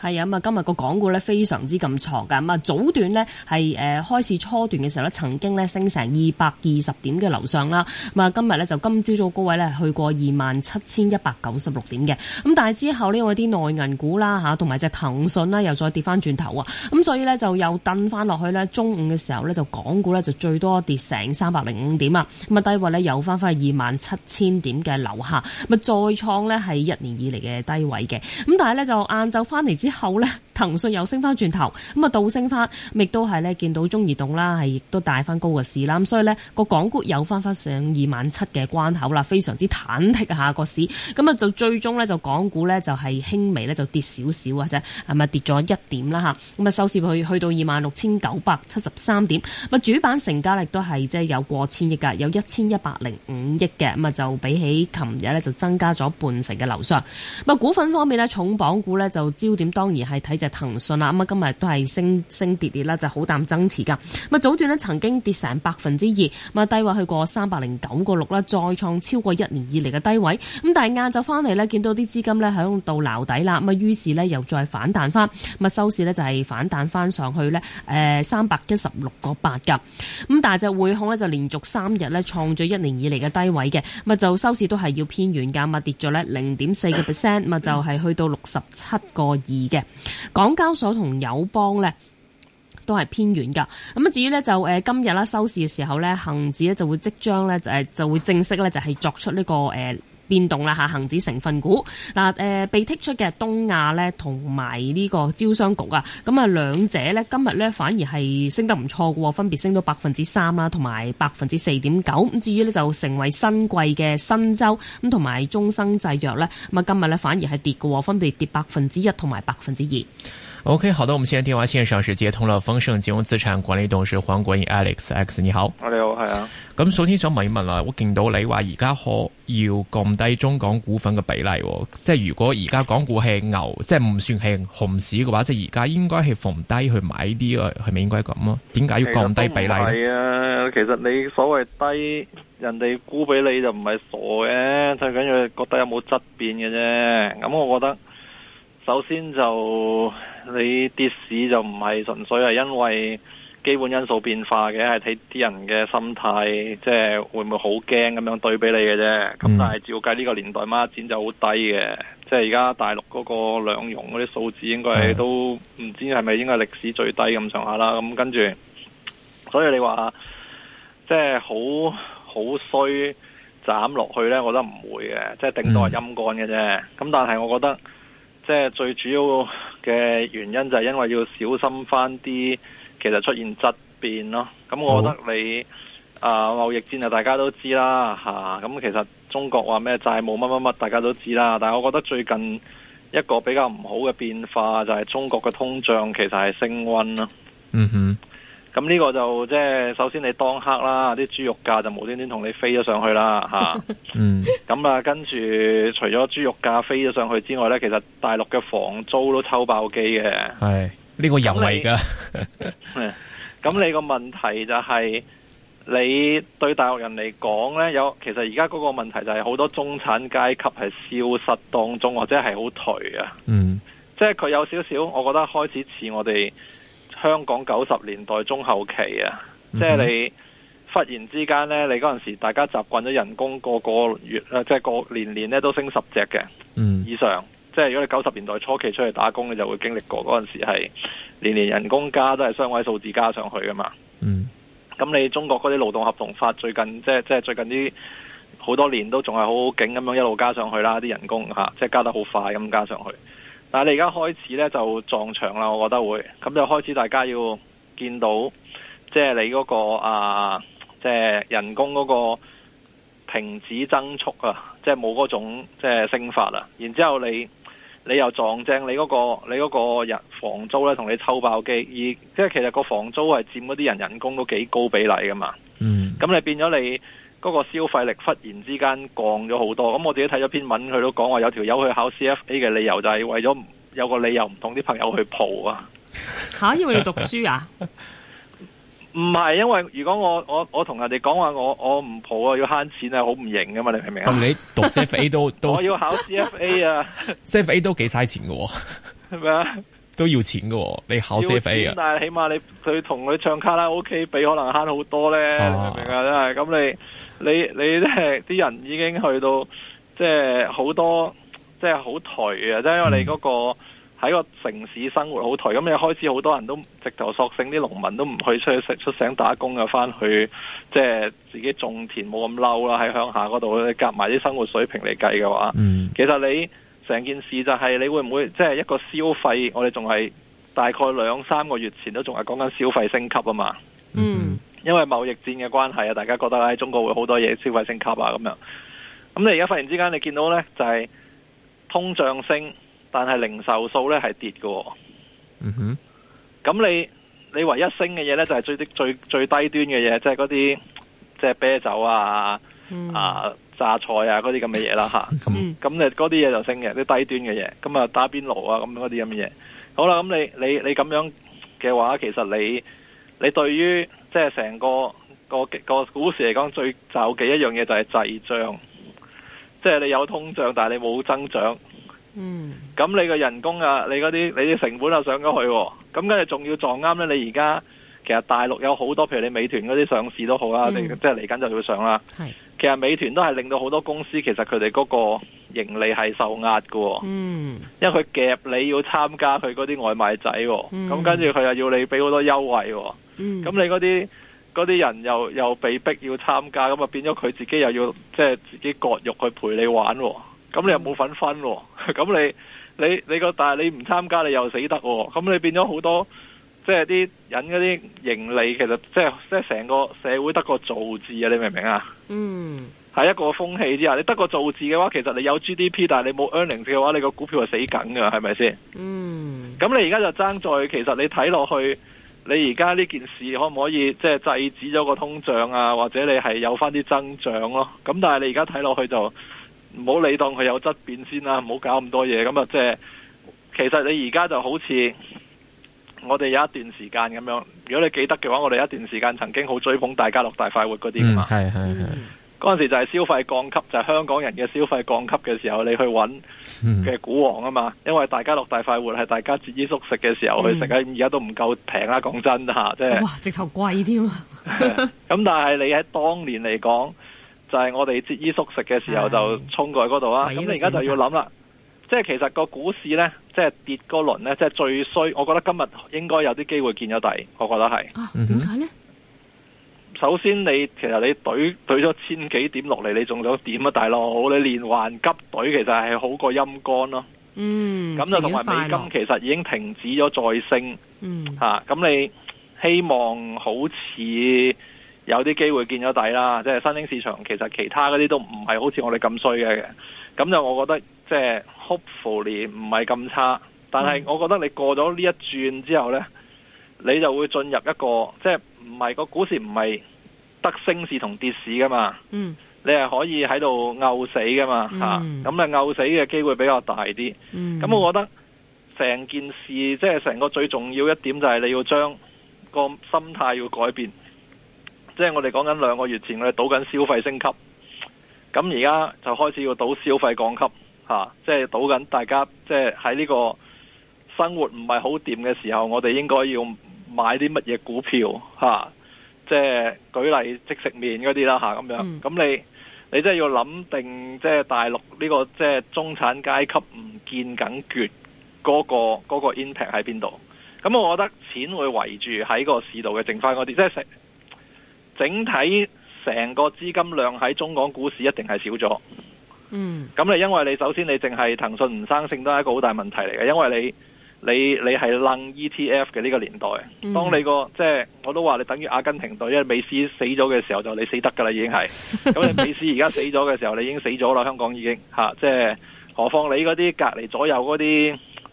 係啊，咁啊今日個港股咧非常之咁挫噶，咁啊早段呢係誒開市初段嘅時候咧，曾經咧升成二百二十點嘅樓上啦，咁啊今日咧就今朝早高位咧去過二萬七千一百九十六點嘅，咁但係之後咧我啲內銀股啦吓，同埋隻騰訊啦又再跌翻轉頭啊，咁所以呢，就又掟翻落去呢，中午嘅時候呢，就港股呢就最多跌成三百零五點啊，咁啊低位呢又翻翻去二萬七千點嘅樓下，咪再創呢係一年以嚟嘅低位嘅，咁但係呢，就晏晝翻嚟之之後呢，騰訊又升翻轉頭，咁啊倒升翻，亦都係呢，見到中移動啦，係亦都帶翻高個市啦。咁所以呢，個港股有翻翻上二萬七嘅關口啦，非常之忐忑下個市。咁啊就最終呢，就港股呢，就係輕微呢，就跌少少或者係咪跌咗一點啦吓？咁啊收市去去到二萬六千九百七十三點。咁啊主板成交呢都係即係有過千億噶，有一千一百零五億嘅。咁啊就比起琴日呢，就增加咗半成嘅流上。咁啊股份方面呢，重磅股呢，就焦點。當然係睇隻騰訊啦，咁啊今日都係升升跌跌啦，就好淡爭持噶。咁啊早段咧曾經跌成百分之二，咁啊低位去過三百零九個六啦，再創超過一年以嚟嘅低位。咁但係晏晝翻嚟呢見到啲資金呢，響度撈底啦，咁啊於是呢，又再反彈翻，咁啊收市呢，就係反彈翻上去呢，誒三百一十六個八噶。咁但係隻匯控呢，就連續三日呢，創咗一年以嚟嘅低位嘅，咁啊就收市都係要偏軟嘅，咁啊跌咗呢，零點四個 percent，咁啊就係去到六十七個二。嘅港交所同友邦咧，都係偏遠噶。咁啊至於咧就誒今日啦，收市嘅時候咧恆指咧就會即將咧就誒就會正式咧就係作出呢個誒。變動啦嚇，恆指成分股嗱誒、呃、被剔出嘅東亞咧，同埋呢個招商局啊，咁啊兩者呢今日呢反而係升得唔錯嘅喎，分別升到百分之三啦，同埋百分之四點九。咁至於呢，就成為新季嘅新周咁，同埋中生製藥呢，咁啊今日呢反而係跌嘅喎，分別跌百分之一同埋百分之二。O.K. 好的，我們現在電話線上是接通了豐盛金融資產管理董事黃國英 Alex，Alex 你好，你好，係啊。咁首先想問一問啊，我見到你話而家可要降低中港股份嘅比例，即係如果而家港股係牛，即係唔算係熊市嘅話，即係而家應該係逢低去買啲啊，係咪應該咁啊？點解要降低比例咧？係啊，其實你所謂低人哋估俾你就唔係傻嘅，最緊要覺得有冇質變嘅啫。咁我覺得首先就。你跌市，就唔係純粹係因為基本因素變化嘅，係睇啲人嘅心態，即係會唔會好驚咁樣對比你嘅啫。咁但係照計呢個年代孖展就好低嘅，即係而家大陸嗰個兩融嗰啲數字應該都唔知係咪應該歷史最低咁上下啦。咁跟住，所以你話即係好好衰斬落去呢，我覺得唔會嘅，即係頂多係陰乾嘅啫。咁但係我覺得。即係最主要嘅原因就係因為要小心翻啲，其實出現質變咯。咁我覺得你啊呃、貿易戰啊大家都知啦吓，咁、啊、其實中國話咩債務乜乜乜，大家都知啦。但係我覺得最近一個比較唔好嘅變化就係中國嘅通脹其實係升溫咯。嗯哼。咁、這、呢個就即係首先你當刻啦，啲豬肉價就無端端同你飛咗上去啦，吓。嗯。咁啊，跟住除咗豬肉價飛咗上去之外呢，其實大陸嘅房租都抽爆機嘅。係呢、這個由嚟㗎。咁、 嗯、你個問題就係、是、你對大陸人嚟講呢，有其實而家嗰個問題就係好多中產階級係消失當中，或者係好頹啊。嗯。 即係佢有少少，我覺得開始似我哋。香港九十年代中後期啊、嗯，即係你忽然之間咧，你嗰陣時大家習慣咗人工個個月，誒，即係個年年咧都升十隻嘅，嗯，以上，即係如果你九十年代初期出去打工，你就會經歷過嗰陣時係年年人工加都係雙位數字加上去噶嘛，嗯，咁你中國嗰啲勞動合同法最近，即係即係最近啲好多年都仲係好好勁咁樣一路加上去啦，啲人工吓，即係加得好快咁加上去。但係而家開始咧就撞牆啦，我覺得會咁就開始大家要見到，即係你嗰個啊，即係人工嗰個停止增速啊，即係冇嗰種即係升發啦。然之後你你又撞正你嗰個你嗰個人房租咧，同你抽爆機，而即係其實個房租係佔嗰啲人人工都幾高比例噶嘛。嗯，咁你變咗你。嗰個消費力忽然之間降咗好多，咁我自己睇咗篇文，佢都講話有條友去考 CFA 嘅理由就係為咗有個理由唔同啲朋友去蒲啊吓，以為要讀書啊？唔係，因為如果我我我同人哋講話我我唔蒲啊，要慳錢啊，好唔型啊嘛？你明唔明？咁你讀 CFA 都 都，都我要考 CFA 啊，CFA 都幾嘥錢嘅喎，係咪啊？都要錢嘅喎，你考 CFA 啊？但係起碼你佢同佢唱卡拉 OK 比，可能慳好多咧，明唔明啊？真係咁你。你你即係啲人已經去到即係好多即係好頹啊！即係你嗰個喺個城市生活好頹，咁你開始好多人都直頭索醒索性，啲農民都唔去出去出省打工啊，翻去即係自己種田冇咁嬲啦，喺鄉下嗰度佢夾埋啲生活水平嚟計嘅話，嗯，其實你成件事就係、是、你會唔會即係一個消費，我哋仲係大概兩三個月前都仲係講緊消費升級啊嘛。因為貿易戰嘅關係啊，大家覺得喺中國會好多嘢消費升級啊，咁樣。咁你而家忽然之間你見到呢，就係、是，通脹升，但係零售數呢係跌嘅。嗯哼。咁你你唯一升嘅嘢呢，就係最最最低端嘅嘢，即係嗰啲即係啤酒啊、嗯、啊榨菜啊嗰啲咁嘅嘢啦吓。咁咁、嗯、你嗰啲嘢就升嘅，啲低端嘅嘢。咁啊打邊爐啊，咁嗰啲咁嘅嘢。好啦，咁你你你咁樣嘅話，其實你你對於即係成個個個股市嚟講最驚嘅一樣嘢，就係滯脹，即係你有通脹但係你冇增長。嗯，咁你嘅人工啊，你嗰啲你啲成本又上咗去，啊，咁跟住仲要撞啱咧。你而家其實大陸有好多，譬如你美團嗰啲上市都好啦，嗯、你即係嚟緊就要上啦。係，其實美團都係令到好多公司其實佢哋嗰個盈利係受壓噶，啊。嗯，因為佢夾你要參加佢嗰啲外賣仔，啊，咁跟住佢又要你俾好多優惠，啊。咁、嗯、你嗰啲嗰啲人又又被逼要參加，咁啊變咗佢自己又要即係、就是、自己割肉去陪你玩、哦，咁你又冇份分，分、哦，咁你你你個但係你唔參加你又死得、哦，咁你變咗好多即係啲人嗰啲盈利，其實即係即係成個社會得個造字啊，你明唔明啊？嗯，係一個風氣之下，你得個造字嘅話，其實你有 GDP，但係你冇 earnings 嘅話，你個股票係死梗㗎，係咪先？嗯，咁你而家就爭在其實你睇落去。你而家呢件事可唔可以即係制止咗個通脹啊？或者你係有翻啲增長咯？咁但係你而家睇落去就唔好理當佢有質變先啦，唔好搞咁多嘢。咁啊，即係其實你而家就好似我哋有一段時間咁樣，如果你記得嘅話，我哋有一段時間曾經好追捧大家樂大快活嗰啲嘛。嗯，係係係。嗰陣時就係消費降級，就係、是、香港人嘅消費降級嘅時候，你去揾嘅股王啊嘛，因為大家落大快活係大家節衣縮食嘅時候去食啊，而、嗯、家都唔夠平啦，講真吓，即、就、係、是、哇，直頭貴添啊！咁、 嗯、但係你喺當年嚟講，就係、是、我哋節衣縮食嘅時候就衝過去嗰度啊！咁你而家就要諗啦、這個，即係其實個股市呢，即係跌嗰輪呢，即係最衰。我覺得今日應該有啲機會見咗底，我覺得係啊，點解呢、嗯首先你，你其實你對你對咗千幾點落嚟，你仲有點啊，大佬？你連環急懟其實係好過陰乾咯。嗯，咁就同埋美金其實已經停止咗再升。嗯，咁、啊、你希望好似有啲機會見咗底啦。即、就、係、是、新興市場其實其他嗰啲都唔係好似我哋咁衰嘅。咁就我覺得即係、就是、Hopefully 唔係咁差，但係我覺得你過咗呢一轉之後呢，嗯你就會進入一個，即係唔係個股市唔係得升市同跌市噶嘛？嗯，你係可以喺度拗死噶嘛？吓、嗯，咁啊拗死嘅機會比較大啲。咁、嗯、我覺得成件事即係成個最重要一點就係你要將個心態要改變，即係我哋講緊兩個月前我哋賭緊消費升級，咁而家就開始要賭消費降級，吓、啊，即係賭緊大家即係喺呢個生活唔係好掂嘅時候，我哋應該要。買啲乜嘢股票，即係舉例，即食麵嗰啲啦咁樣。咁、嗯、你你真係要諗定，即、就、係、是、大陸呢、這個即係、就是、中產階級唔見緊缺嗰個嗰、那個 impact 喺邊度？咁我覺得錢會圍住喺個市度嘅剩翻嗰啲，即係成整體成個資金量喺中港股市一定係少咗。嗯。咁你因為你首先你淨係騰訊唔生性都係一個好大問題嚟嘅，因為你。你你係撚 ETF 嘅呢個年代，當你個、嗯、即係我都話你等於阿根廷隊，因為美斯死咗嘅時候就你死得㗎啦，已經係。咁你美斯而家死咗嘅時候，你已經死咗啦， 香港已經、啊、即係何況你嗰啲隔離左右嗰啲，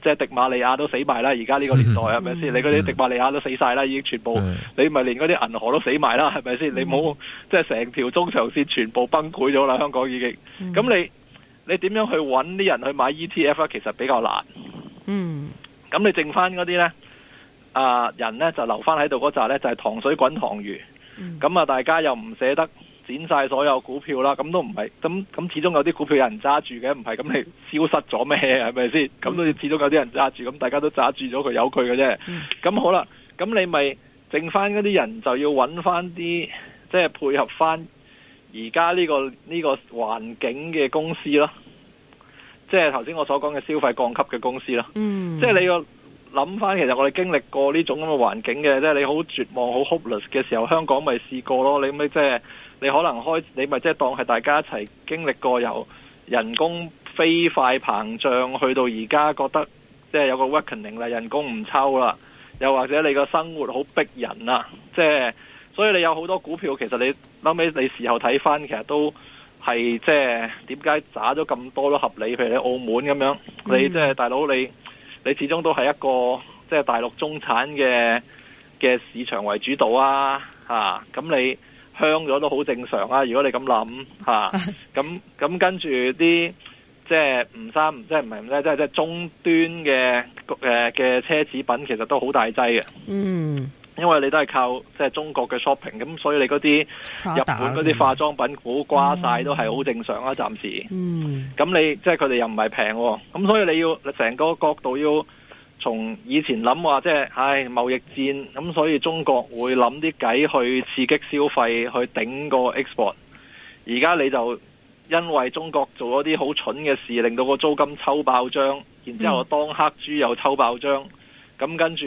即係迪馬利亞都死埋啦，而家呢個年代係咪先？你嗰啲迪馬利亞都死晒啦，已經全部，嗯、你咪連嗰啲銀河都死埋啦，係咪先？你冇即係成條中長線全部崩潰咗啦，香港已經。咁、嗯、你你點樣去揾啲人去買 ETF 咧？其實比較難。嗯。咁你剩翻嗰啲呢，啊、呃、人呢就留翻喺度嗰扎呢，就係、就是、塘水滾塘魚。咁、嗯、啊，大家又唔捨得剪晒所有股票啦，咁都唔係，咁咁始終有啲股票有人揸住嘅，唔係咁你消失咗咩？係咪先？咁、嗯、都始終有啲人揸住，咁大家都揸住咗佢有佢嘅啫。咁、嗯、好啦，咁你咪剩翻嗰啲人就要揾翻啲，即、就、係、是、配合翻而家呢個呢、呢個環境嘅公司咯。即係頭先我所講嘅消費降級嘅公司咯、嗯，即係你要諗翻，其實我哋經歷過呢種咁嘅環境嘅，即係你好絕望、好 hopeless 嘅時候，香港咪試過咯。你咪即係你可能開，你咪即係當係大家一齊經歷過由人工飛快膨脹去到而家覺得即係有個 reckoning 啦，人工唔抽啦，又或者你個生活好逼人啊，即係所以你有好多股票，其實你後尾你時候睇翻，其實都。係即係點解打咗咁多都合理？譬如你澳門咁樣，你即、就、係、是、大佬，你你始終都係一個即係、就是、大陸中產嘅嘅市場為主導啊嚇！咁、啊、你香咗都好正常啊！如果你咁諗嚇，咁、啊、咁跟住啲即係唔生，即係唔係唔即係即係中端嘅嘅嘅奢侈品其實都好大劑嘅。嗯。因為你都係靠即係、就是、中國嘅 shopping，咁所以你嗰啲日本嗰啲化妝品股瓜曬、嗯、都係好正常啦、啊，暫時。嗯，咁你即係佢哋又唔係平，咁所以你要成、嗯、個角度要從以前諗話，即係唉貿易戰，咁所以中國會諗啲計去刺激消費，去頂個 export。而家你就因為中國做咗啲好蠢嘅事，令到個租金抽爆張，然之後當黑豬又抽爆張。嗯。咁跟住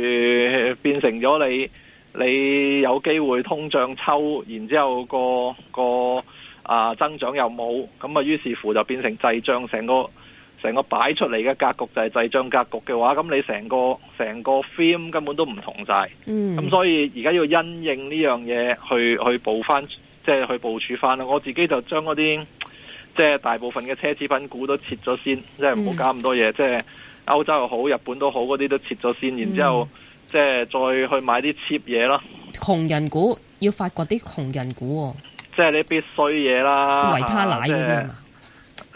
變成咗你，你有機會通脹抽，然之後、那個個啊增長又冇，咁啊於是乎就變成滯脹，成個成個擺出嚟嘅格局就係滯脹格局嘅話，咁你成個成個 film 根本都唔同晒。咁、嗯、所以而家要因應呢樣嘢去去補翻，即係去部署翻啦、就是。我自己就將嗰啲即係大部分嘅奢侈品股都撤咗先，即係唔好搞咁多嘢，即、嗯、係。就是歐洲又好，日本都好，嗰啲都切咗先。然之後即係再去買啲 cheap 嘢咯。窮人股要發掘啲窮人股喎，即係你必須嘢啦，維他奶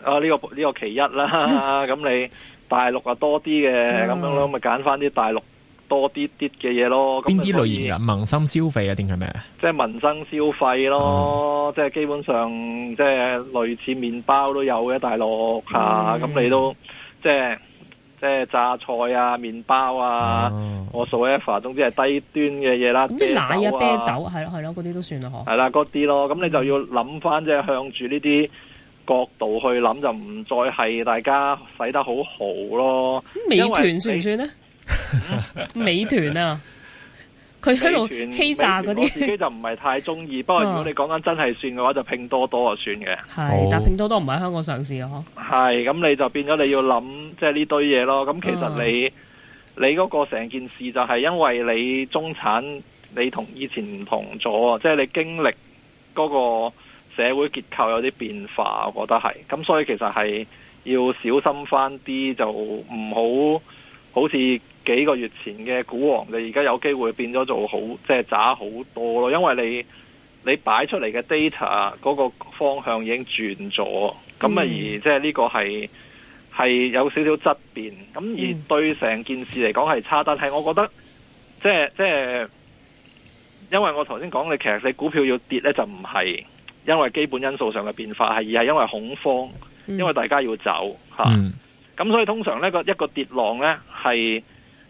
啊，呢個呢個其一啦。咁你大陸啊多啲嘅，咁樣咁咪揀翻啲大陸多啲啲嘅嘢咯。邊啲類型啊？民心消費啊？定係咩？即係民生消費咯，即係基本上即係類似麵包都有嘅大陸嚇，咁你都即係。即係榨菜啊、麵包啊，啊我數一數，總之係低端嘅嘢啦。咁啲奶啊、啤酒，係咯係咯，嗰啲都算啦，嗬。係啦，嗰啲咯，咁你就要諗翻即係向住呢啲角度去諗，就唔再係大家使得好好咯。美團算唔算咧？美團、嗯、 啊？佢喺度欺詐嗰啲，自己就唔係太中意。 不過如果你講緊真係算嘅話，就拼多多啊算嘅。係，但拼多多唔喺香港上市啊，係、哦，咁你就變咗你要諗，即係呢堆嘢咯。咁其實你你嗰個成件事就係因為你中產，你同以前唔同咗啊。即係你經歷嗰個社會結構有啲變化，我覺得係。咁所以其實係要小心翻啲，就唔好好似。幾個月前嘅股王，你而家有機會變咗做好，即係渣好多咯。因為你你擺出嚟嘅 data 嗰個方向已經轉咗，咁、嗯、啊而即係呢個係係有少少質變，咁而對成件事嚟講係差。但、嗯、係我覺得即係即係，因為我頭先講嘅，其實你股票要跌咧，就唔係因為基本因素上嘅變化，係而係因為恐慌，因為大家要走吓。咁、嗯嗯啊、所以通常呢個一個跌浪咧係。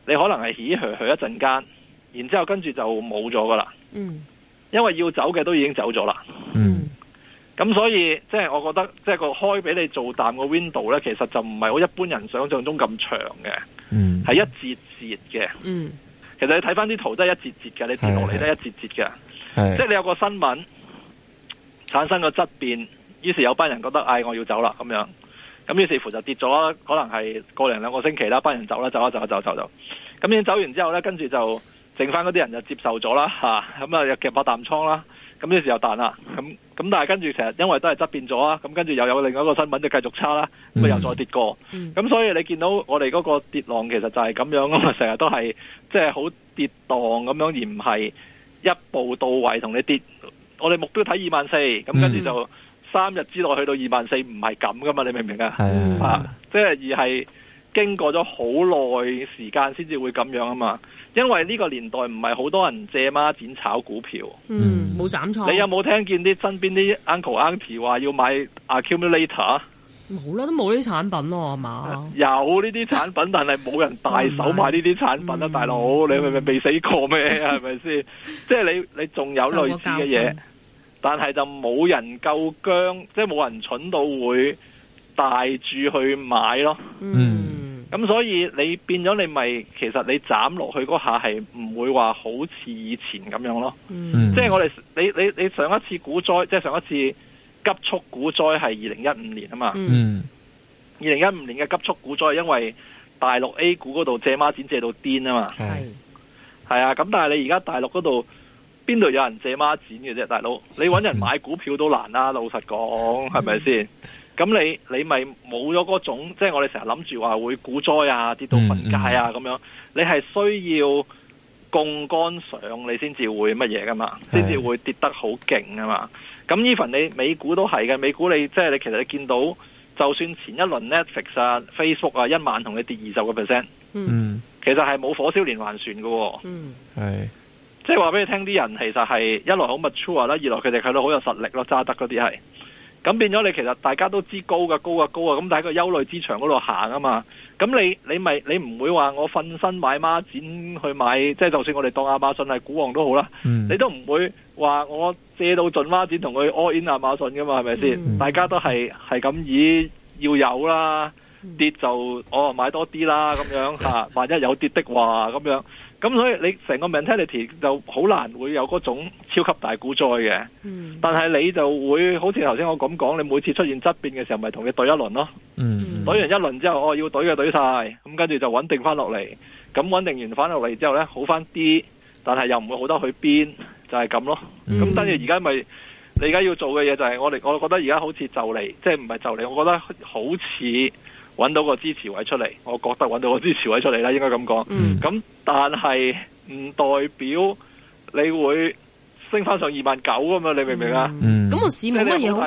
你可能係起起起一陣間，然之後跟住就冇咗噶啦。嗯，因為要走嘅都已經走咗啦。嗯，咁所以即係、就是、我覺得即係、就是、個開俾你做淡個 window 咧，其實就唔係好一般人想象中咁長嘅。嗯，係一節節嘅。嗯，其實你睇翻啲圖都係一節節嘅，你跌落嚟都係一節節嘅。即係、就是、你有個新聞產生個質變，於是有班人覺得，哎，我要走啦，咁樣。咁於是乎就跌咗，可能係個零兩個星期啦，班人走啦，走啦，走啦，走走走。咁樣走，走，走，走完之後咧，跟住就剩翻嗰啲人就接受咗啦，吓咁啊，又夾爆淡倉啦。咁於是又彈啦，咁、嗯、咁但係跟住成日因為都係質變咗啊，咁跟住又有另外一個新聞就繼續差啦，咁啊又再跌過。咁、嗯、所以你見到我哋嗰個跌浪其實就係咁樣啊，成日都係即係好跌蕩咁樣，就是、樣而唔係一步到位同你跌。我哋目標睇二萬四，咁跟住就。嗯三日之內去到二萬四唔係咁噶嘛，你明唔明啊？啊，即、嗯、係而係經過咗好耐時間先至會咁樣啊嘛，因為呢個年代唔係好多人借孖展炒股票。嗯，冇斬錯。你有冇聽見啲身邊啲 uncle auntie、嗯、話要買 accumulator？冇啦，都冇呢啲產品咯，係嘛？有呢啲產品，但係冇人大手買呢啲產品啊，嗯、大佬，你咪咪未死過咩？係咪先？即 係你你仲有類似嘅嘢？但係就冇人夠薑，即係冇人蠢到會大住去買咯。嗯，咁所以你變咗你咪其實你斬落去嗰下係唔會話好似以前咁樣咯。嗯，即係我哋你你你上一次股災，即係上一次急速股災係二零一五年啊嘛。嗯，二零一五年嘅急速股災因為大陸 A 股嗰度借孖展借，借到癲啊嘛。係係啊，咁但係你而家大陸嗰度。邊度有人借孖展嘅啫，大佬？你揾人買股票都難啦、啊，老實講，係咪先？咁、嗯、你你咪冇咗嗰種，即係我哋成日諗住話會股災啊，跌到瞓街啊，咁、嗯嗯、樣，你係需要槓桿上你先至會乜嘢噶嘛？先至會跌得好勁㗎嘛？咁 even 你美股都係嘅，美股你即係你其實你見到，就算前一輪 Netflix、啊、Facebook 啊，一晚同你跌二十個 percent，嗯，其實係冇火燒連環船嘅、哦，嗯，係。即係話俾你聽，啲人其實係一來好 mature 啦，二來佢哋睇到好有實力咯，揸得嗰啲係，咁變咗你其實大家都知高嘅、高啊、高啊，咁喺個憂慮之牆嗰度行啊嘛，咁你你咪你唔會話我瞓身買孖展去買，即、就、係、是、就算我哋當亞馬遜係股王都好啦、嗯，你都唔會話我借到盡孖展同佢 all in 亞馬遜噶嘛，係咪先？大家都係係咁以要有啦，跌就我、哦、買多啲啦，咁樣吓， 萬一有跌的話咁樣。咁所以你成個 mentality 就好難會有嗰種超級大股災嘅，但係你就會好似頭先我咁講，你每次出現質變嘅時候，咪同你對一輪咯。嗯，對完一輪之後，我、哦、要對嘅對曬，咁跟住就穩定翻落嚟。咁、嗯、穩定完翻落嚟之後呢，好翻啲，但係又唔會好得去邊，就係、是、咁咯。咁跟住而家咪，你而家要做嘅嘢就係、是、我哋，我覺得而家好似就嚟，即係唔係就嚟？我覺得好似。揾到個支持位出嚟，我覺得揾到個支持位出嚟啦，應該咁講。嗯，咁但係唔代表你會。升翻上二萬九啊嘛，你明唔明啊？嗯。咁、嗯、啊，市冇乜嘢好，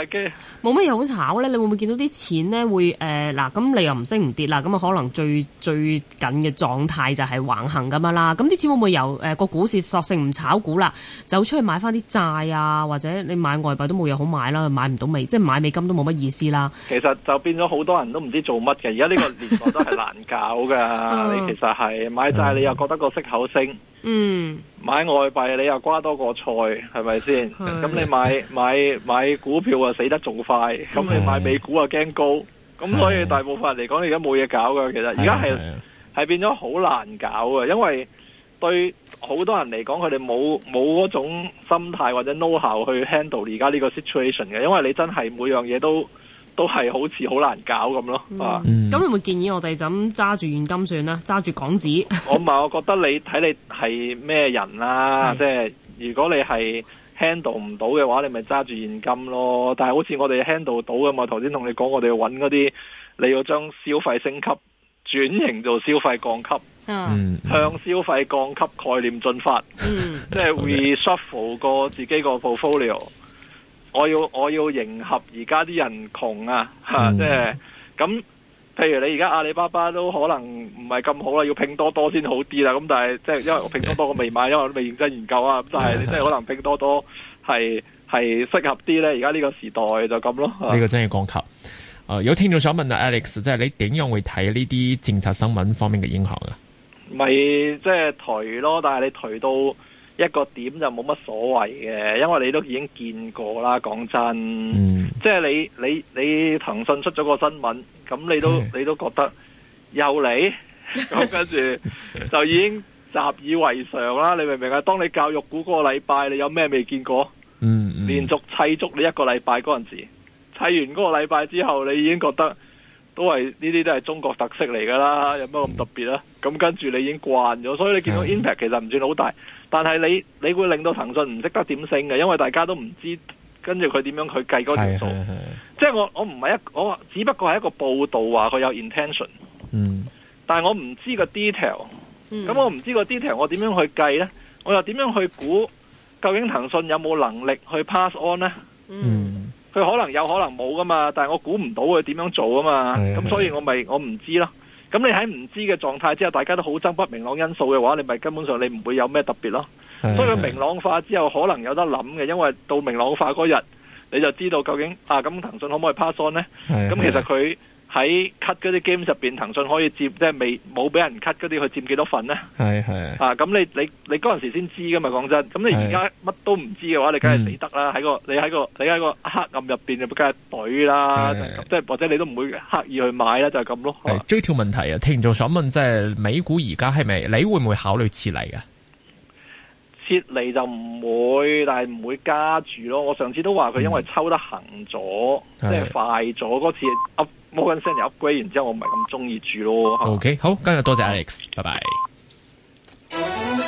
冇乜嘢好炒咧。你會唔會見到啲錢咧？會誒嗱，咁你又唔升唔跌啦，咁啊可能最最緊嘅狀態就係橫行咁樣啦。咁啲錢會唔會由、呃、個股市索性唔炒股啦，就出去買翻啲債啊，或者你買外幣都冇嘢好買啦，買唔到美，即、就、係、是、買美金都冇乜意思啦。其實就變咗好多人都唔知做乜嘅，而家呢個年代都係難搞嘅、 嗯。你其實係買債，你又覺得個息口升。嗯。嗯。買外幣你又瓜多過菜，係咪先？咁 你買買買股票啊死得仲快，咁 你買美股啊驚高，咁 所以大部分人嚟講，你而家冇嘢搞噶。其實而家係係變咗好難搞噶，因為對好多人嚟講，佢哋冇冇嗰種心態或者 know how 去 handle 而家呢個 situation 嘅，因為你真係每樣嘢都。都係好似好難搞咁咯，啊、嗯！咁、嗯、你會建議我哋咁揸住現金算啦，揸住港紙？我唔係，我覺得你睇 你係咩人啦、啊，即係如果你係 handle 唔到嘅話，你咪揸住現金咯。但係好似我哋 handle 到噶嘛，頭先同你講，我哋要揾嗰啲你要將消費升級轉型做消費降級，嗯，向消費降級概念進發，嗯，即係 reshuffle 過自己個 portfolio。 我要我要迎合而家啲人窮啊，吓，即係咁。譬如你而家阿里巴巴都可能唔係咁好啦，要拼多多先好啲啦。咁但係即係因為我拼多多我未買、嗯，因為我未認真研究啊。咁但係你真係可能拼多多係係適合啲咧。而家呢個時代就咁咯。呢、這個真係降級。誒，有聽眾想問啊，Alex，即係你點樣會睇呢啲政策新聞方面嘅影響啊？咪即係頹咯，但係你頹到。一個點就冇乜所謂嘅，因為你都已經見過啦。講真，嗯，即係你你你騰訊出咗個新聞，咁你都你都覺得，嗯，又嚟，咁跟住就已經習以為常啦。你明唔明啊？當你教育股個禮拜，你有咩未見過？連，嗯嗯，連續砌足你一個禮拜嗰陣時，砌完嗰個禮拜之後，你已經覺得。都係呢啲都係中國特色嚟噶啦，有乜咁特別啦？咁、嗯、跟住你已經慣咗，所以你見到 impact 其實唔算好大。嗯、但係你你會令到騰訊唔識得點升嘅，因為大家都唔知跟住佢點樣去計嗰條數。即係我我唔係一我只不過係一個報道話佢有 intention 嗯。嗯。但係我唔知個 detail。咁我唔知個 detail，我點樣去計呢？我又點樣去估究，究竟騰訊有冇能力去 pass on 呢？嗯。嗯佢可能有可能冇噶嘛，但係我估唔到佢點樣做啊嘛，咁所以我咪我唔知咯。咁你喺唔知嘅狀態之下，大家都好憎不明朗因素嘅話，你咪根本上你唔會有咩特別咯。所以佢明朗化之後可能有得諗嘅，因為到明朗化嗰日你就知道究竟啊咁騰訊可唔可以 pass on 呢？咁其實佢。喺 cut 嗰啲 game 入邊，騰訊可以佔即係未冇俾人 cut 嗰啲，去佔幾多份呢？係係啊！咁你你你嗰陣時先知㗎嘛？講真，咁你而家乜都唔知嘅話，你梗係死得啦！喺、嗯、個你喺個你喺個黑暗入邊，就梗係賠啦！即係或者你都唔會刻意去買啦，就係咁咯。追條問題啊！聽眾想問即係美股而家係咪？你會唔會考慮撤離呀？撤離就唔會，但係唔會加注咯。我上次都話佢因為抽得行咗，即、嗯、係快咗嗰次。冇咁聲又 upgrade，然之後我唔係咁中意住咯。OK，好，今日多謝 Alex，拜拜。拜拜。